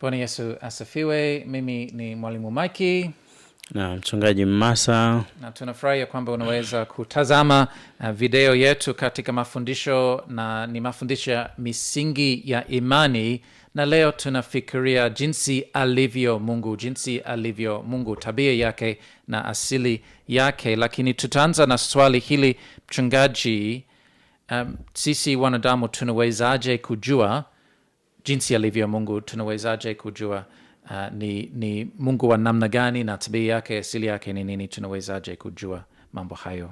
Bwana Yesu asifiwe. Mimi ni mwalimu Maiki na mchungaji Mmasa, na ya kwamba unaweza kutazama uh, video yetu katika mafundisho, na ni mafundisho ya misingi ya imani, na leo tunafikiria jinsi alivyo Mungu, jinsi alivyo Mungu, tabia yake na asili yake. Lakini tutaanza na swali hili, mchungaji. Um, sisi wanadamu tunawezaje kujua jinsi alivyo Mungu tunawezaje kujua uh, ni, ni Mungu wa namna gani na tabia yake, asili yake ni nini? Tunawezaje kujua mambo hayo?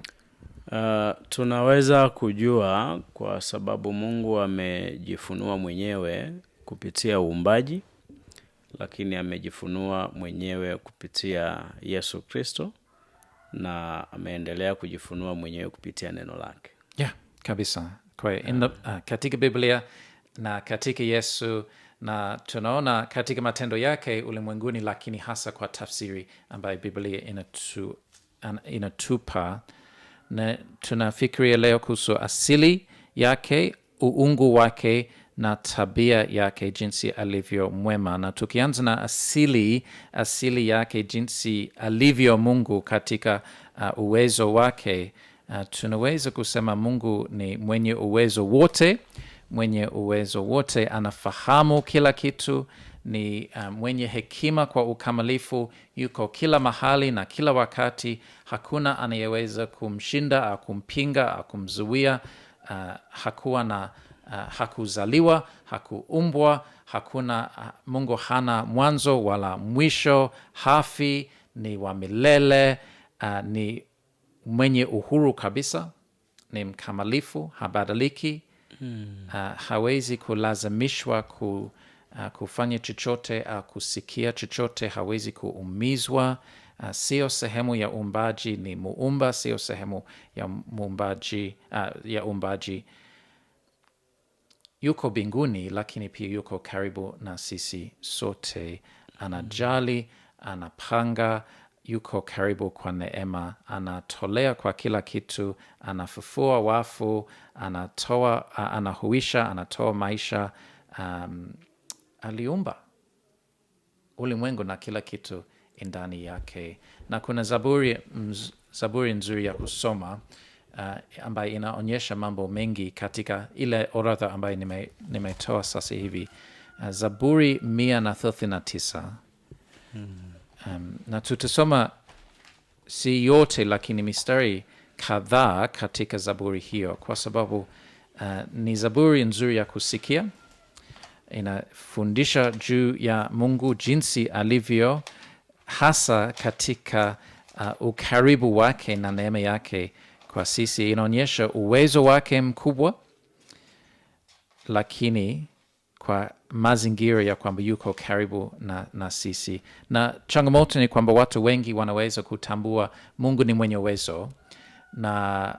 Uh, tunaweza kujua kwa sababu Mungu amejifunua mwenyewe kupitia uumbaji, lakini amejifunua mwenyewe kupitia Yesu Kristo na ameendelea kujifunua mwenyewe kupitia neno lake. Yeah, kabisa. Kwa, yeah. In the, uh, katika Biblia na katika Yesu na tunaona katika matendo yake ulimwenguni, lakini hasa kwa tafsiri ambayo Biblia inatu, inatupa na tunafikiria leo kuhusu asili yake, uungu wake na tabia yake, jinsi alivyo mwema. Na tukianza na asili, asili yake, jinsi alivyo Mungu katika uh, uwezo wake uh, tunaweza kusema Mungu ni mwenye uwezo wote mwenye uwezo wote, anafahamu kila kitu, ni uh, mwenye hekima kwa ukamilifu, yuko kila mahali na kila wakati. Hakuna anayeweza kumshinda, akumpinga, akumzuia. Uh, hakuwa na uh, hakuzaliwa, hakuumbwa, hakuna. Mungu hana mwanzo wala mwisho, hafi, ni wa milele, ni mwenye uhuru kabisa, ni mkamilifu, habadiliki hmm. uh, hawezi kulazimishwa ku, uh, kufanya chochote uh, kusikia chochote, hawezi kuumizwa. Uh, sio sehemu ya umbaji ni muumba, sio sehemu ya muumbaji, uh, ya umbaji Yuko binguni lakini pia yuko karibu na sisi sote, hmm. anajali, anapanga yuko karibu kwa neema, anatolea kwa kila kitu, anafufua wafu, anatoa, anahuisha, anatoa maisha. Um, aliumba ulimwengu na kila kitu ndani yake, na kuna zaburi, mz, zaburi nzuri ya kusoma uh, ambayo inaonyesha mambo mengi katika ile orodha ambayo nimetoa nime sasa hivi uh, Zaburi mia na thelathini na tisa hmm. Um, na tutasoma si yote, lakini mistari kadhaa katika zaburi hiyo, kwa sababu uh, ni zaburi nzuri ya kusikia. Inafundisha juu ya Mungu jinsi alivyo, hasa katika uh, ukaribu wake na neema yake kwa sisi. Inaonyesha uwezo wake mkubwa, lakini kwa mazingira ya kwamba yuko karibu na, na sisi na changamoto ni kwamba watu wengi wanaweza kutambua mungu ni mwenye uwezo na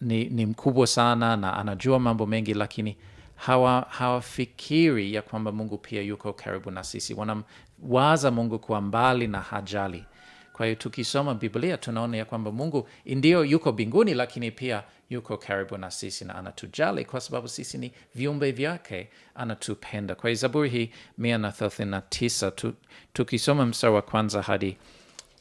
ni, ni mkubwa sana na anajua mambo mengi lakini hawa hawafikiri ya kwamba mungu pia yuko karibu na sisi wanamwaza mungu kuwa mbali na hajali kwa hiyo tukisoma Biblia tunaona ya kwamba Mungu ndio yuko binguni lakini pia yuko karibu na sisi na anatujali kwa sababu sisi ni viumbe vyake, anatupenda. Kwa hiyo Zaburi hii mia na thelathini na tisa tu, tukisoma mstari wa kwanza hadi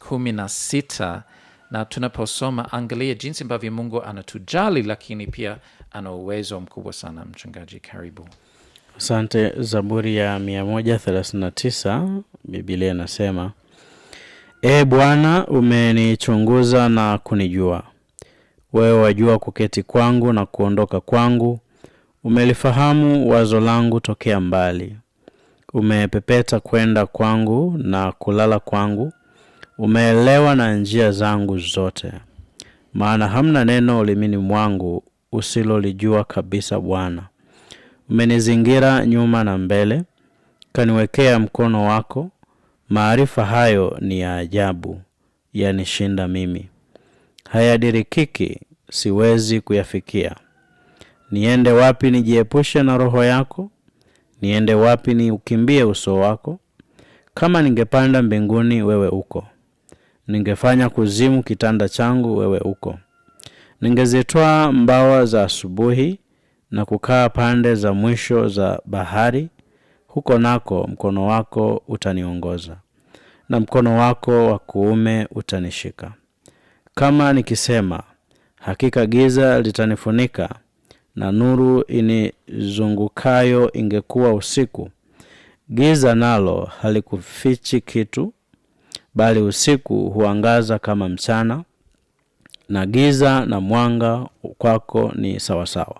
kumi na sita na tunaposoma, angalia jinsi ambavyo Mungu anatujali, lakini pia ana uwezo mkubwa sana. Mchungaji, karibu. Asante. Zaburi ya 139 bibilia inasema e Bwana, umenichunguza na kunijua. Wewe wajua kuketi kwangu na kuondoka kwangu, umelifahamu wazo langu tokea mbali. Umepepeta kwenda kwangu na kulala kwangu, umeelewa na njia zangu zote. Maana hamna neno ulimini mwangu usilolijua kabisa. Bwana, umenizingira nyuma na mbele, kaniwekea mkono wako Maarifa hayo ni ya ajabu, yanishinda mimi, hayadirikiki, siwezi kuyafikia. Niende wapi nijiepushe na roho yako? Niende wapi niukimbie uso wako? Kama ningepanda mbinguni, wewe uko; ningefanya kuzimu kitanda changu, wewe uko. ningezitoa mbawa za asubuhi na kukaa pande za mwisho za bahari, huko nako mkono wako utaniongoza na mkono wako wa kuume utanishika. Kama nikisema hakika giza litanifunika na nuru inizungukayo ingekuwa usiku, giza nalo halikufichi kitu, bali usiku huangaza kama mchana, na giza na mwanga kwako ni sawasawa.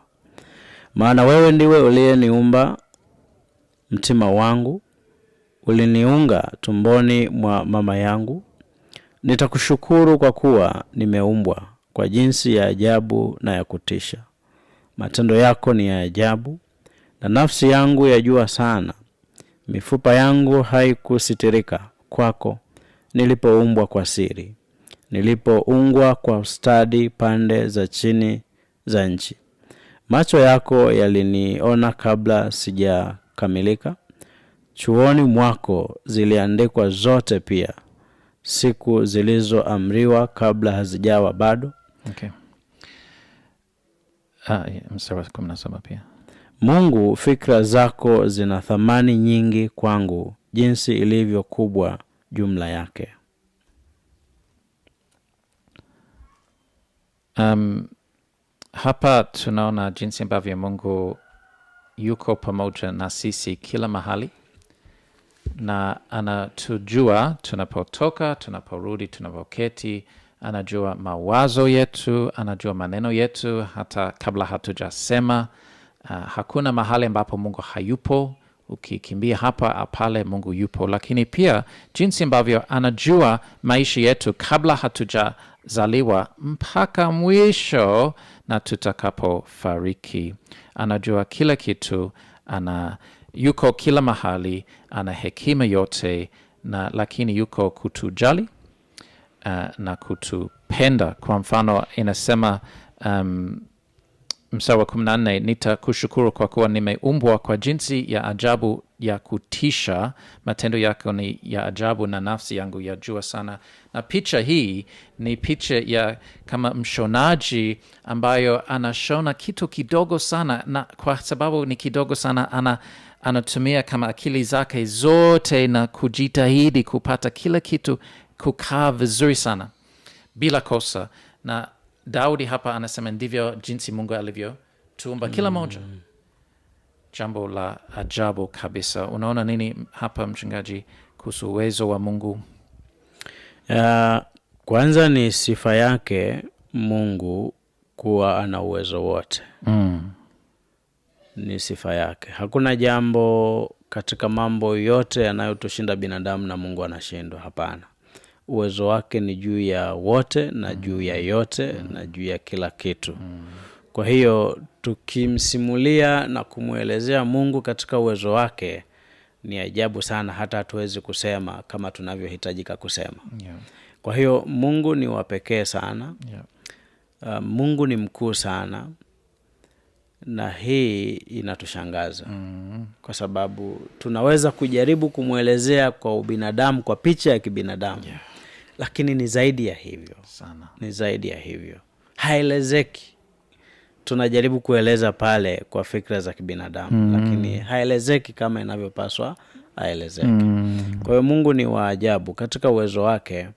Maana wewe ndiwe uliyeniumba mtima wangu, uliniunga tumboni mwa mama yangu. Nitakushukuru kwa kuwa nimeumbwa kwa jinsi ya ajabu na ya kutisha. Matendo yako ni ya ajabu, na nafsi yangu yajua sana. Mifupa yangu haikusitirika kwako nilipoumbwa kwa siri, nilipoungwa kwa ustadi pande za chini za nchi. Macho yako yaliniona kabla sija kukamilika. Chuoni mwako ziliandikwa zote pia siku zilizoamriwa kabla hazijawa bado. Okay. Ah, yeah, pia. Mungu, fikra zako zina thamani nyingi kwangu, jinsi ilivyo kubwa jumla yake. Um, hapa tunaona jinsi ambavyo Mungu yuko pamoja na sisi kila mahali na anatujua tunapotoka, tunaporudi, tunapoketi. Anajua mawazo yetu, anajua maneno yetu hata kabla hatujasema. Uh, hakuna mahali ambapo Mungu hayupo. Ukikimbia hapa ah, pale, Mungu yupo. Lakini pia jinsi ambavyo anajua maisha yetu kabla hatujazaliwa mpaka mwisho na tutakapofariki. Anajua kila kitu, ana yuko kila mahali, ana hekima yote na lakini yuko kutujali uh, na kutupenda. Kwa mfano inasema um, msaa wa kumi na nne nitakushukuru kwa kuwa nimeumbwa kwa jinsi ya ajabu ya kutisha, matendo yako ni ya ajabu, na nafsi yangu ya jua sana. Na picha hii ni picha ya kama mshonaji ambayo anashona kitu kidogo sana, na kwa sababu ni kidogo sana ana anatumia kama akili zake zote na kujitahidi kupata kila kitu kukaa vizuri sana bila kosa. Na Daudi hapa anasema ndivyo jinsi Mungu alivyotumba kila moja. Mm jambo la ajabu kabisa. Unaona nini hapa mchungaji, kuhusu uwezo wa Mungu? Uh, kwanza ni sifa yake Mungu kuwa ana uwezo wote mm. Ni sifa yake. Hakuna jambo katika mambo yote yanayotushinda binadamu na Mungu anashindwa, hapana. Uwezo wake ni juu ya wote na juu ya yote mm. na juu ya kila kitu mm. Kwa hiyo tukimsimulia na kumwelezea Mungu katika uwezo wake ni ajabu sana, hata hatuwezi kusema kama tunavyohitajika kusema yeah. Kwa hiyo Mungu ni wapekee sana yeah. Uh, Mungu ni mkuu sana na hii inatushangaza mm. Kwa sababu tunaweza kujaribu kumwelezea kwa ubinadamu, kwa picha ya kibinadamu yeah. Lakini ni zaidi ya hivyo sana. Ni zaidi ya hivyo, haelezeki tunajaribu kueleza pale kwa fikra za kibinadamu mm. lakini haelezeki kama inavyopaswa aelezeke. mm. Kwa hiyo Mungu ni wa ajabu katika uwezo wake,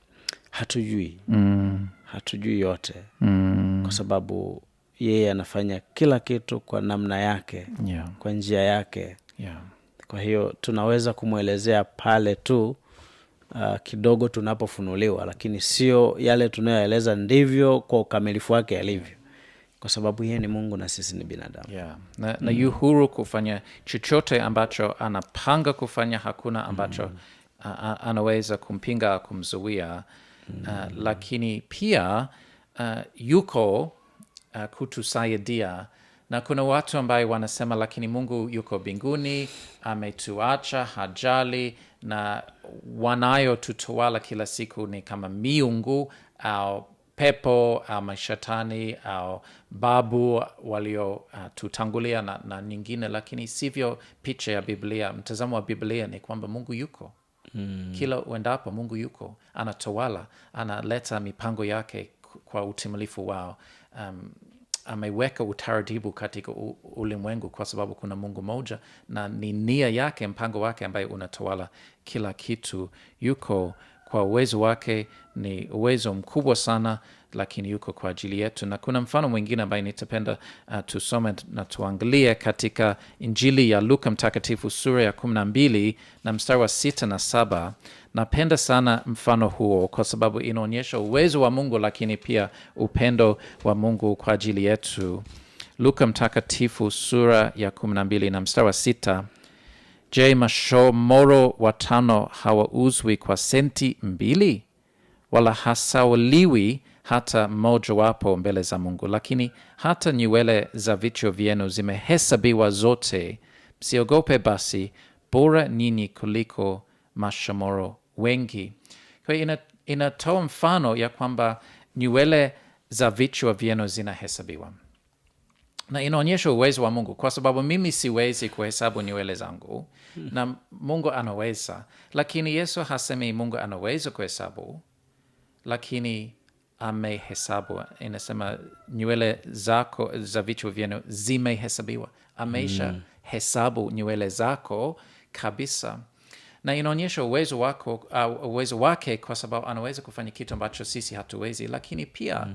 hatujui mm. hatujui yote mm. kwa sababu yeye anafanya kila kitu kwa namna yake yeah. kwa njia yake yeah. Kwa hiyo tunaweza kumwelezea pale tu uh, kidogo tunapofunuliwa, lakini sio yale tunayoeleza ndivyo kwa ukamilifu wake yalivyo kwa sababu yeye ni mungu na sisi ni binadamu yeah. na, na yu huru kufanya chochote ambacho anapanga kufanya hakuna ambacho mm. uh, anaweza kumpinga kumzuia mm. uh, lakini pia uh, yuko uh, kutusaidia na kuna watu ambaye wanasema lakini mungu yuko binguni ametuacha hajali na wanayotutowala kila siku ni kama miungu au pepo ama mashatani au babu waliotutangulia uh, na, na nyingine, lakini sivyo picha ya Biblia. Mtazamo wa Biblia ni kwamba Mungu yuko mm. Kila uendapo Mungu yuko, anatawala, analeta mipango yake kwa utimilifu wao. um, ameweka utaratibu katika ulimwengu kwa sababu kuna Mungu moja na ni nia yake, mpango wake ambaye unatawala kila kitu yuko kwa uwezo wake ni uwezo mkubwa sana lakini yuko kwa ajili yetu na kuna mfano mwingine ambaye nitapenda uh, tusome na tuangalie katika injili ya luka mtakatifu sura ya kumi na mbili na mstari wa sita na saba napenda sana mfano huo kwa sababu inaonyesha uwezo wa mungu lakini pia upendo wa mungu kwa ajili yetu luka mtakatifu sura ya kumi na mbili na mstari wa sita Je, mashomoro watano hawauzwi kwa senti mbili? Wala hasauliwi hata mojawapo mbele za Mungu. Lakini hata nywele za vichwa vyenu zimehesabiwa zote. Msiogope basi, bora nyinyi kuliko mashomoro wengi. Kwa ina inatoa mfano ya kwamba nywele za vichwa vyenu zinahesabiwa na inaonyesha uwezo wa Mungu, kwa sababu mimi siwezi kuhesabu nywele zangu na mungu anaweza lakini yesu hasemi mungu anaweza kuhesabu lakini amehesabu inasema nywele zako za vichwa vyenu zimehesabiwa ameisha mm. hesabu nywele zako kabisa na inaonyesha uwezo wako uh, uwezo wake kwa sababu anaweza kufanya kitu ambacho sisi hatuwezi lakini pia mm.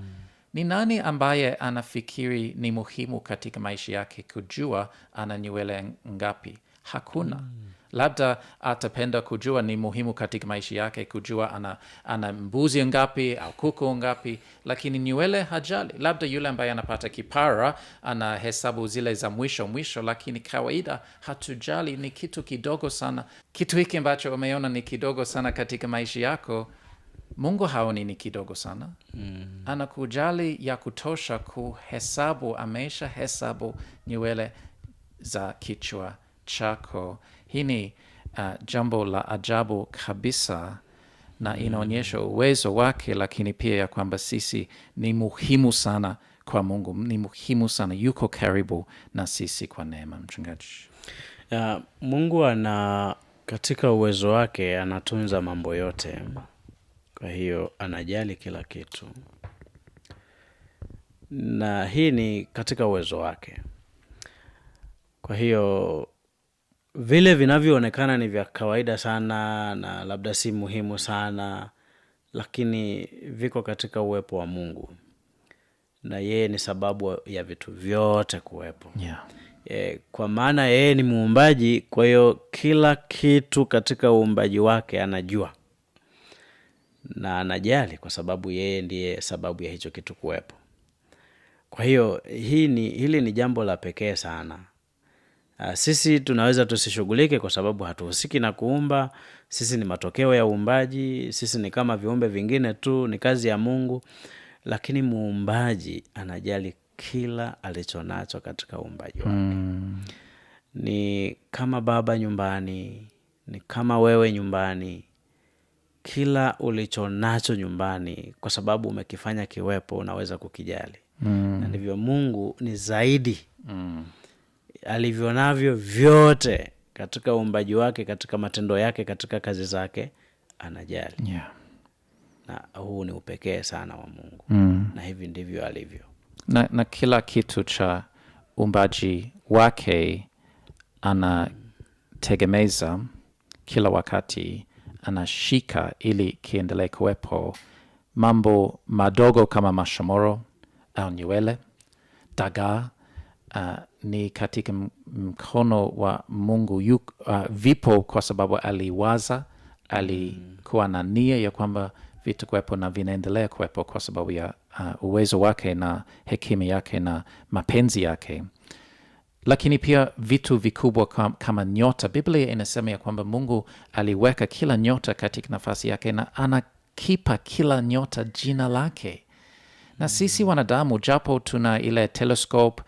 ni nani ambaye anafikiri ni muhimu katika maisha yake kujua ana nywele ngapi hakuna mm. labda atapenda kujua ni muhimu katika maisha yake kujua ana, ana mbuzi ngapi au kuku ngapi lakini nywele hajali labda yule ambaye anapata kipara ana hesabu zile za mwisho mwisho lakini kawaida hatujali ni kitu kidogo sana kitu hiki ambacho umeona ni kidogo sana katika maisha yako mungu haoni ni kidogo sana mm. anakujali ya kutosha kuhesabu ameisha hesabu nywele za kichwa chako. Hii ni uh, jambo la ajabu kabisa na mm. inaonyesha uwezo wake, lakini pia ya kwamba sisi ni muhimu sana kwa Mungu, ni muhimu sana, yuko karibu na sisi kwa neema. Mchungaji, uh, Mungu ana katika uwezo wake anatunza mambo yote, kwa hiyo anajali kila kitu, na hii ni katika uwezo wake. Kwa hiyo vile vinavyoonekana ni vya kawaida sana na labda si muhimu sana, lakini viko katika uwepo wa Mungu na yeye ni sababu ya vitu vyote kuwepo yeah. E, kwa maana yeye ni muumbaji, kwa hiyo kila kitu katika uumbaji wake anajua na anajali, kwa sababu yeye ndiye sababu ya hicho kitu kuwepo. Kwa hiyo hii ni, hili ni jambo la pekee sana Ah, sisi tunaweza tusishughulike kwa sababu hatuhusiki na kuumba. Sisi ni matokeo ya uumbaji, sisi ni kama viumbe vingine tu, ni kazi ya Mungu. Lakini muumbaji anajali kila alichonacho katika uumbaji wake. Mm. Ni kama baba nyumbani, ni kama wewe nyumbani, kila ulichonacho nyumbani, kwa sababu umekifanya kiwepo, unaweza kukijali. Mm. Na ndivyo Mungu ni zaidi. Mm alivyo navyo vyote katika uumbaji wake, katika matendo yake, katika kazi zake anajali yeah. Na huu ni upekee sana wa Mungu mm. Na hivi ndivyo alivyo na, na kila kitu cha uumbaji wake anategemeza kila wakati anashika ili kiendelee kuwepo. Mambo madogo kama mashomoro au nywele, dagaa, uh, ni katika mkono wa Mungu yuk, uh, vipo kwa sababu aliwaza, alikuwa na nia ya kwamba vitakuwepo na vinaendelea kuwepo kwa sababu ya uh, uwezo wake na hekima yake na mapenzi yake. Lakini pia vitu vikubwa kama nyota, Biblia inasema ya kwamba Mungu aliweka kila nyota katika nafasi yake na anakipa kila nyota jina lake. Na sisi mm. wanadamu, japo tuna ile telescope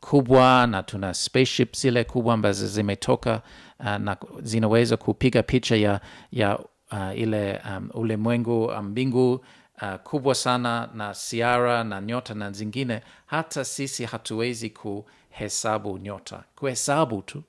kubwa na tuna spaceship zile kubwa ambazo zimetoka uh, na zinaweza kupiga picha ya, ya uh, ile um, ulimwengu uh, mbingu uh, kubwa sana na siara na nyota na zingine. Hata sisi hatuwezi kuhesabu nyota, kuhesabu tu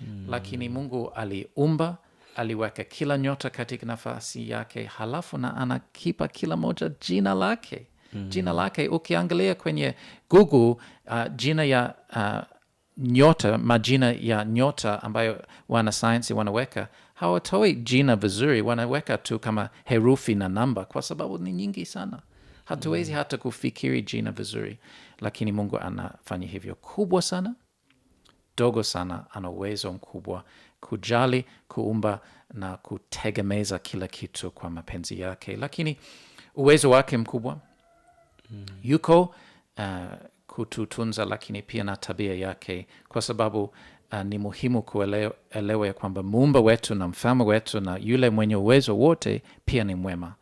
mm. Lakini Mungu aliumba aliweka kila nyota katika nafasi yake, halafu na anakipa kila moja jina lake mm. jina lake ukiangalia kwenye google uh, jina ya uh, nyota majina ya nyota ambayo wanasayansi wanaweka hawatoi jina vizuri wanaweka tu kama herufi na namba kwa sababu ni nyingi sana hatuwezi mm. hata kufikiri jina vizuri lakini mungu anafanya hivyo kubwa sana dogo sana ana uwezo mkubwa kujali kuumba na kutegemeza kila kitu kwa mapenzi yake lakini uwezo wake mkubwa Mm. yuko uh, kututunza, lakini pia na tabia yake, kwa sababu uh, ni muhimu kuelewa ya kwamba muumba wetu na mfalme wetu na yule mwenye uwezo wote pia ni mwema,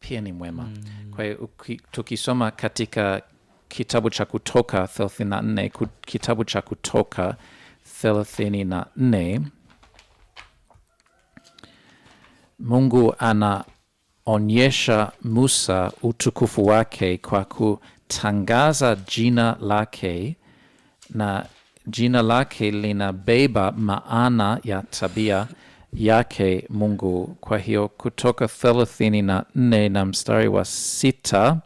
pia ni mwema mm. Kwa hiyo tukisoma katika kitabu cha Kutoka 34 kitabu cha Kutoka 34 Mungu ana onyesha Musa utukufu wake kwa kutangaza jina lake, na jina lake linabeba maana ya tabia yake Mungu. Kwa hiyo Kutoka thelathini na nne na mstari wa sita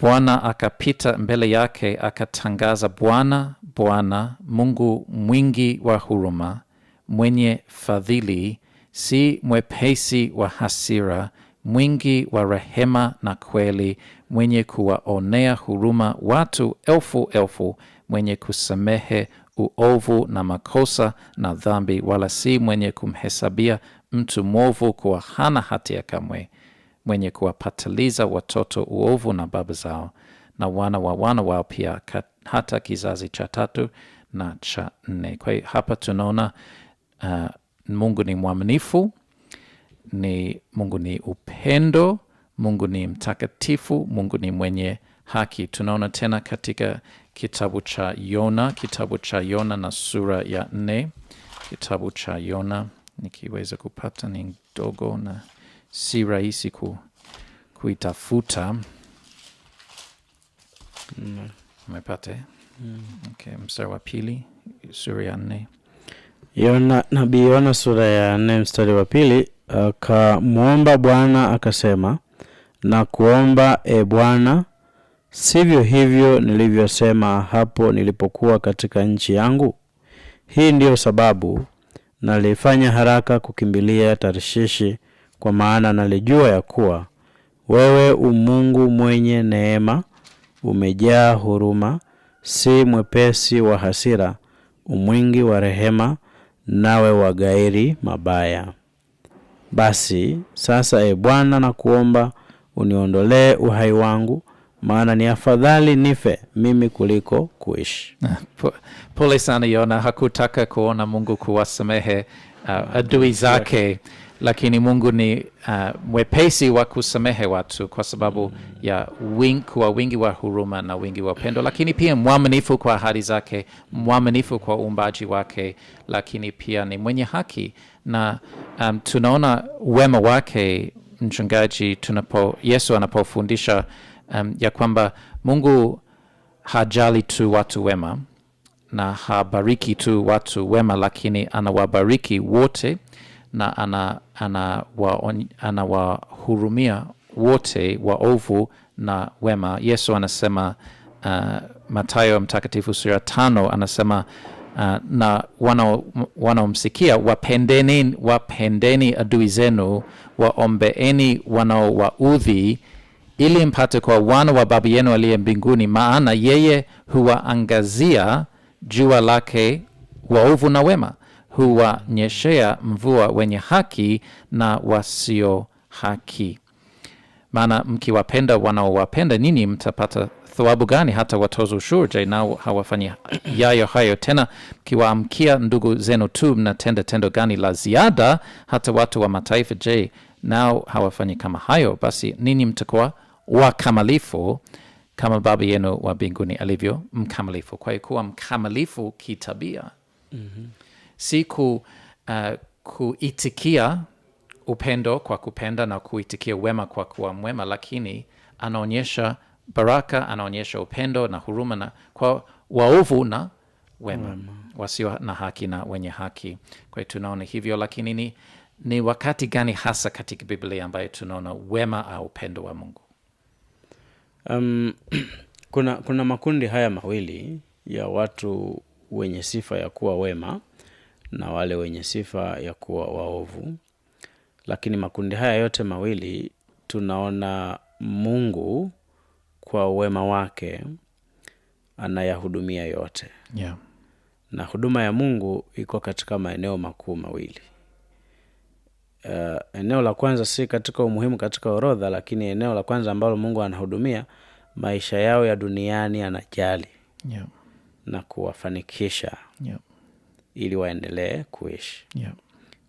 Bwana akapita mbele yake akatangaza, Bwana Bwana, Mungu mwingi wa huruma, mwenye fadhili si mwepesi wa hasira, mwingi wa rehema na kweli, mwenye kuwaonea huruma watu elfu elfu, mwenye kusamehe uovu na makosa na dhambi, wala si mwenye kumhesabia mtu mwovu kuwa hana hatia kamwe, mwenye kuwapatiliza watoto uovu na baba zao na wana wa wana wao pia hata kizazi cha tatu na cha nne. Kwa hiyo hapa tunaona uh, Mungu ni mwaminifu, ni Mungu ni upendo, Mungu ni mtakatifu, Mungu ni mwenye haki. Tunaona tena katika kitabu cha Yona, kitabu cha Yona na sura ya nne, kitabu cha Yona nikiweza kupata ni ndogo na si rahisi ku, kuitafuta mm. Umepata eh? mm. Okay, mstari wa pili sura ya nne. Yona, nabii Yona sura ya nne mstari wa pili akamwomba Bwana akasema, na kuomba e Bwana, sivyo hivyo nilivyosema hapo nilipokuwa katika nchi yangu? Hii ndiyo sababu nalifanya haraka kukimbilia Tarshishi, kwa maana nalijua ya kuwa wewe umungu mwenye neema, umejaa huruma, si mwepesi wa hasira, umwingi wa rehema nawe wagairi mabaya. Basi sasa, e Bwana, nakuomba uniondolee uhai wangu, maana ni afadhali nife mimi kuliko kuishi. Pole sana Yona, hakutaka kuona Mungu kuwasamehe uh, adui zake yeah lakini Mungu ni uh, mwepesi wa kusamehe watu kwa sababu mm. ya kuwa wingi wa huruma na wingi wa upendo, lakini pia mwaminifu kwa ahadi zake, mwaminifu kwa uumbaji wake, lakini pia ni mwenye haki na um, tunaona wema wake mchungaji, tunapo Yesu anapofundisha um, ya kwamba Mungu hajali tu watu wema na habariki tu watu wema, lakini anawabariki wote na anawahurumia ana ana wote waovu na wema. Yesu anasema uh, Mathayo Mtakatifu sura tano anasema uh, na wanaomsikia wapendeni, wapendeni adui zenu, waombeeni wanaowaudhi, ili mpate kwa wana wa Baba yenu aliye mbinguni, maana yeye huwaangazia jua lake waovu na wema huwanyeshea mvua wenye haki na wasio haki. Maana mkiwapenda wanaowapenda nini mtapata thawabu gani? Hata watoza ushuru je, nao hawafanyi yayo hayo? Tena mkiwaamkia ndugu zenu tu, mnatenda tendo gani la ziada? Hata watu wa mataifa je, nao hawafanyi kama hayo? Basi nini mtakuwa wakamalifu kama Baba yenu wa mbinguni alivyo mkamalifu. Kwa hiyo kuwa mkamalifu kitabia. mm -hmm si ku, uh, kuitikia upendo kwa kupenda na kuitikia wema kwa kuwa mwema, lakini anaonyesha baraka, anaonyesha upendo na huruma na kwa waovu na wema, mm. wasio na haki na wenye haki. Kwa hiyo tunaona hivyo, lakini ni, ni wakati gani hasa katika Biblia ambayo tunaona wema au upendo wa Mungu? Um, kuna, kuna makundi haya mawili ya watu wenye sifa ya kuwa wema na wale wenye sifa ya kuwa waovu. Lakini makundi haya yote mawili tunaona Mungu kwa wema wake anayahudumia yote yeah. Na huduma ya Mungu iko katika maeneo makuu mawili. Uh, eneo la kwanza si katika umuhimu katika orodha, lakini eneo la kwanza ambalo Mungu anahudumia maisha yao ya duniani anajali yeah. na kuwafanikisha yeah ili waendelee kuishi yeah.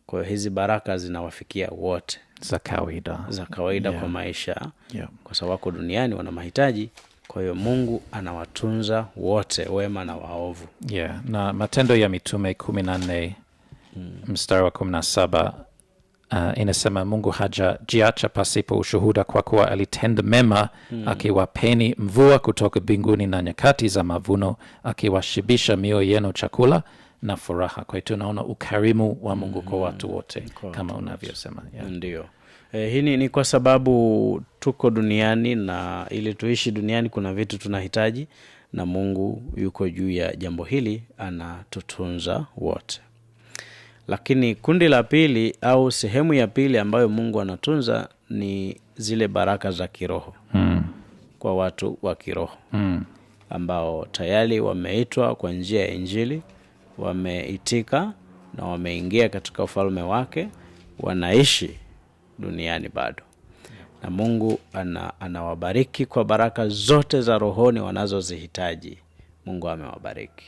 kwa hiyo hizi baraka zinawafikia wote za kawaida za kawaida yeah. kwa maisha yeah. kwa sababu wako duniani wana mahitaji kwa hiyo mungu anawatunza wote wema na waovu yeah. na matendo ya mitume kumi na nne hmm. mstari wa kumi na saba uh, inasema mungu hajajiacha pasipo ushuhuda kwa kuwa alitenda mema mm. akiwapeni mvua kutoka mbinguni na nyakati za mavuno akiwashibisha mioyo yenu chakula na furaha. Kwa hiyo tunaona ukarimu wa Mungu kwa mm, watu wote kwa kama unavyosema yeah. Ndio eh, hii ni kwa sababu tuko duniani na ili tuishi duniani kuna vitu tunahitaji, na Mungu yuko juu ya jambo hili, anatutunza wote. Lakini kundi la pili au sehemu ya pili ambayo Mungu anatunza ni zile baraka za kiroho mm. kwa watu wa kiroho mm. ambao tayari wameitwa kwa njia ya Injili wameitika na wameingia katika ufalme wake, wanaishi duniani bado, na Mungu ana, anawabariki kwa baraka zote za rohoni wanazozihitaji. Mungu amewabariki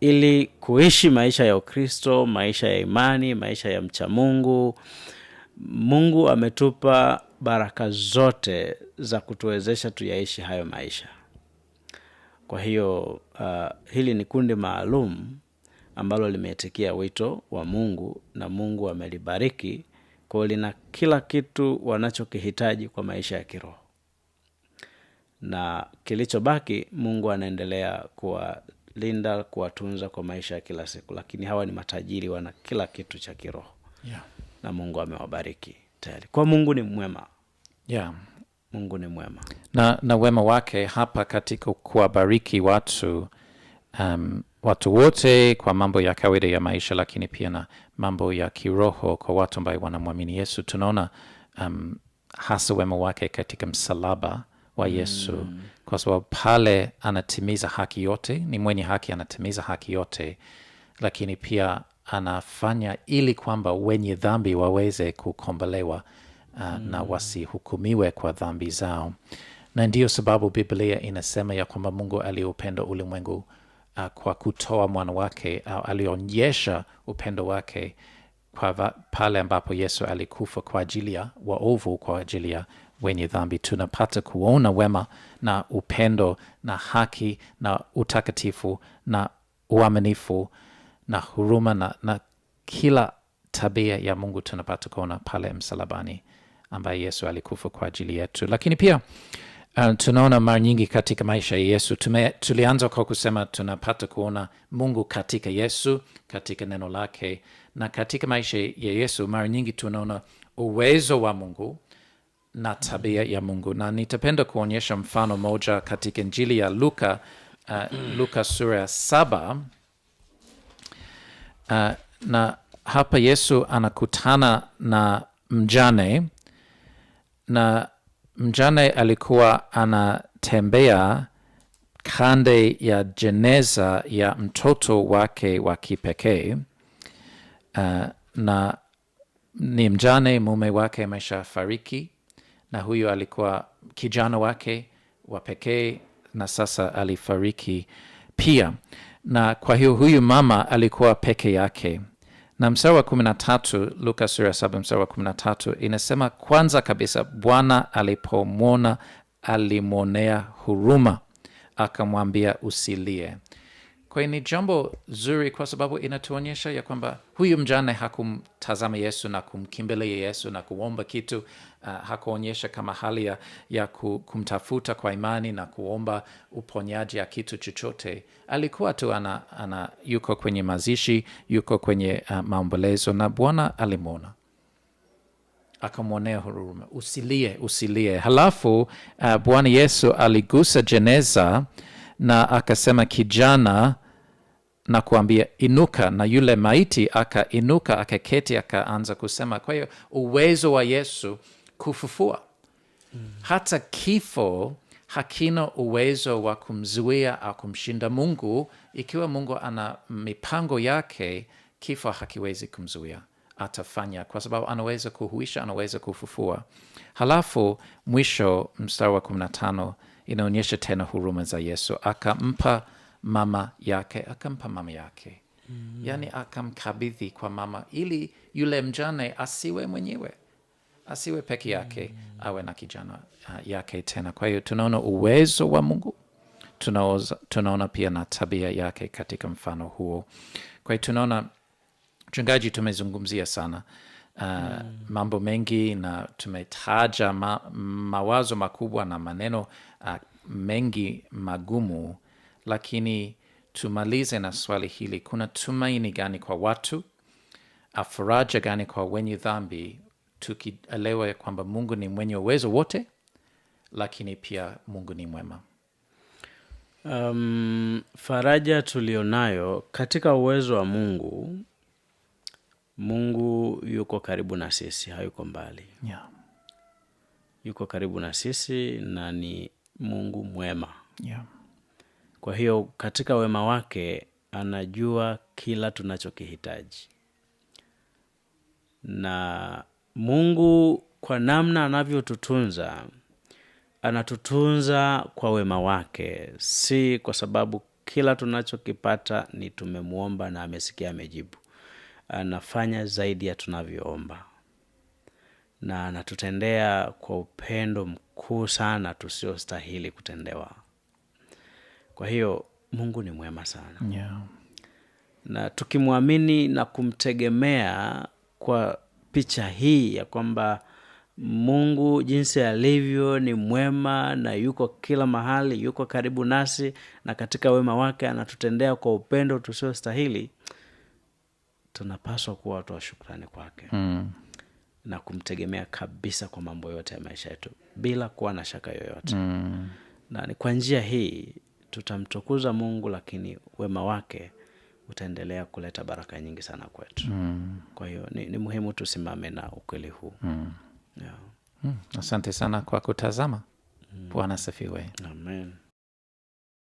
ili kuishi maisha ya Ukristo, maisha ya imani, maisha ya mcha Mungu. Mungu ametupa baraka zote za kutuwezesha tuyaishi hayo maisha. Kwa hiyo uh, hili ni kundi maalum ambalo limeitikia wito wa Mungu na Mungu amelibariki kwao, lina kila kitu wanachokihitaji kwa maisha ya kiroho, na kilichobaki Mungu anaendelea kuwalinda, kuwatunza kwa maisha ya kila siku. Lakini hawa ni matajiri, wana kila kitu cha kiroho yeah. na Mungu amewabariki tayari. Kwa Mungu ni mwema yeah. Mungu ni mwema na, na wema wake hapa katika kuwabariki watu um, watu wote kwa mambo ya kawaida ya maisha, lakini pia na mambo ya kiroho kwa watu ambayo wanamwamini Yesu. Tunaona um, hasa wema wake katika msalaba wa mm. Yesu mm. Kwa sababu pale anatimiza haki yote, ni mwenye haki, anatimiza haki yote, lakini pia anafanya ili kwamba wenye dhambi waweze kukombolewa uh, mm. na wasihukumiwe kwa dhambi zao, na ndiyo sababu Biblia inasema ya kwamba Mungu aliupenda ulimwengu uh, kwa kutoa mwana wake au alionyesha upendo wake kwa va, pale ambapo yesu alikufa kwa ajili ya waovu kwa ajili ya wenye dhambi tunapata kuona wema na upendo na haki na utakatifu na uaminifu na huruma na, na kila tabia ya mungu tunapata kuona pale msalabani ambaye yesu alikufa kwa ajili yetu lakini pia Uh, tunaona mara nyingi katika maisha ya Yesu tume, tulianza kwa kusema tunapata kuona Mungu katika Yesu, katika neno lake na katika maisha ya Yesu. Mara nyingi tunaona uwezo wa Mungu na tabia ya Mungu, na nitapenda kuonyesha mfano moja katika njili ya Luka uh, Luka sura ya saba uh, na hapa Yesu anakutana na mjane na Mjane alikuwa anatembea kande ya jeneza ya mtoto wake wa kipekee uh, na ni mjane, mume wake ameshafariki, na huyu alikuwa kijana wake wa pekee, na sasa alifariki pia. Na kwa hiyo huyu mama alikuwa peke yake na mstari wa kumi na tatu Luka sura ya saba mstari wa kumi na tatu inasema, kwanza kabisa Bwana alipomwona alimwonea huruma, akamwambia usilie. kwayo ni jambo zuri, kwa sababu inatuonyesha ya kwamba huyu mjane hakumtazama Yesu na kumkimbilia Yesu na kuomba kitu, uh, hakuonyesha kama hali ya, ya kumtafuta kwa imani na kuomba uponyaji ya kitu chochote. Alikuwa tu ana, ana yuko kwenye mazishi, yuko kwenye uh, maombolezo, na Bwana alimwona akamwonea huruma. Usilie, usilie. Halafu uh, Bwana Yesu aligusa jeneza na akasema, kijana na kuambia inuka, na yule maiti akainuka, akaketi, akaanza kusema. Kwa hiyo uwezo wa Yesu kufufua. Mm. Hata kifo hakina uwezo wa kumzuia au kumshinda Mungu. Ikiwa Mungu ana mipango yake, kifo hakiwezi kumzuia, atafanya kwa sababu anaweza kuhuisha, anaweza kufufua. Halafu mwisho, mstari wa 15 inaonyesha tena huruma za Yesu, akampa mama yake, akampa mama yake, mm. yaani akamkabidhi kwa mama, ili yule mjane asiwe mwenyewe asiwe peke yake, mm. awe na kijana uh, yake tena. Kwa hiyo tunaona uwezo wa Mungu, tunaoza, tunaona pia na tabia yake katika mfano huo. Kwa hiyo tunaona chungaji tumezungumzia sana Uh, mm. Mambo mengi na tumetaja ma, mawazo makubwa na maneno uh, mengi magumu, lakini tumalize na swali hili: kuna tumaini gani kwa watu, afuraja gani kwa wenye dhambi tukielewa ya kwamba Mungu ni mwenye uwezo wote, lakini pia Mungu ni mwema. Um, faraja tulionayo katika uwezo wa Mungu. Mungu yuko karibu na sisi, hayuko mbali yeah. Yuko karibu na sisi na ni Mungu mwema yeah. Kwa hiyo katika wema wake anajua kila tunachokihitaji na Mungu kwa namna anavyotutunza anatutunza kwa wema wake, si kwa sababu kila tunachokipata ni tumemwomba na amesikia amejibu. Anafanya zaidi ya tunavyoomba na anatutendea kwa upendo mkuu sana tusiostahili kutendewa. Kwa hiyo Mungu ni mwema sana, yeah. Na tukimwamini na kumtegemea kwa picha hii ya kwamba Mungu jinsi alivyo ni mwema na yuko kila mahali, yuko karibu nasi na katika wema wake anatutendea kwa upendo tusiostahili, tunapaswa kuwa watu wa shukrani kwake mm. na kumtegemea kabisa kwa mambo yote ya maisha yetu bila kuwa na shaka yoyote mm. na kwa njia hii tutamtukuza Mungu, lakini wema wake utaendelea kuleta baraka nyingi sana kwetu. Mm. Kwa hiyo ni, ni muhimu tusimame na ukweli huu. Mm. Yeah. Mm. Asante sana kwa kutazama. Mm. Bwana asifiwe. Amen.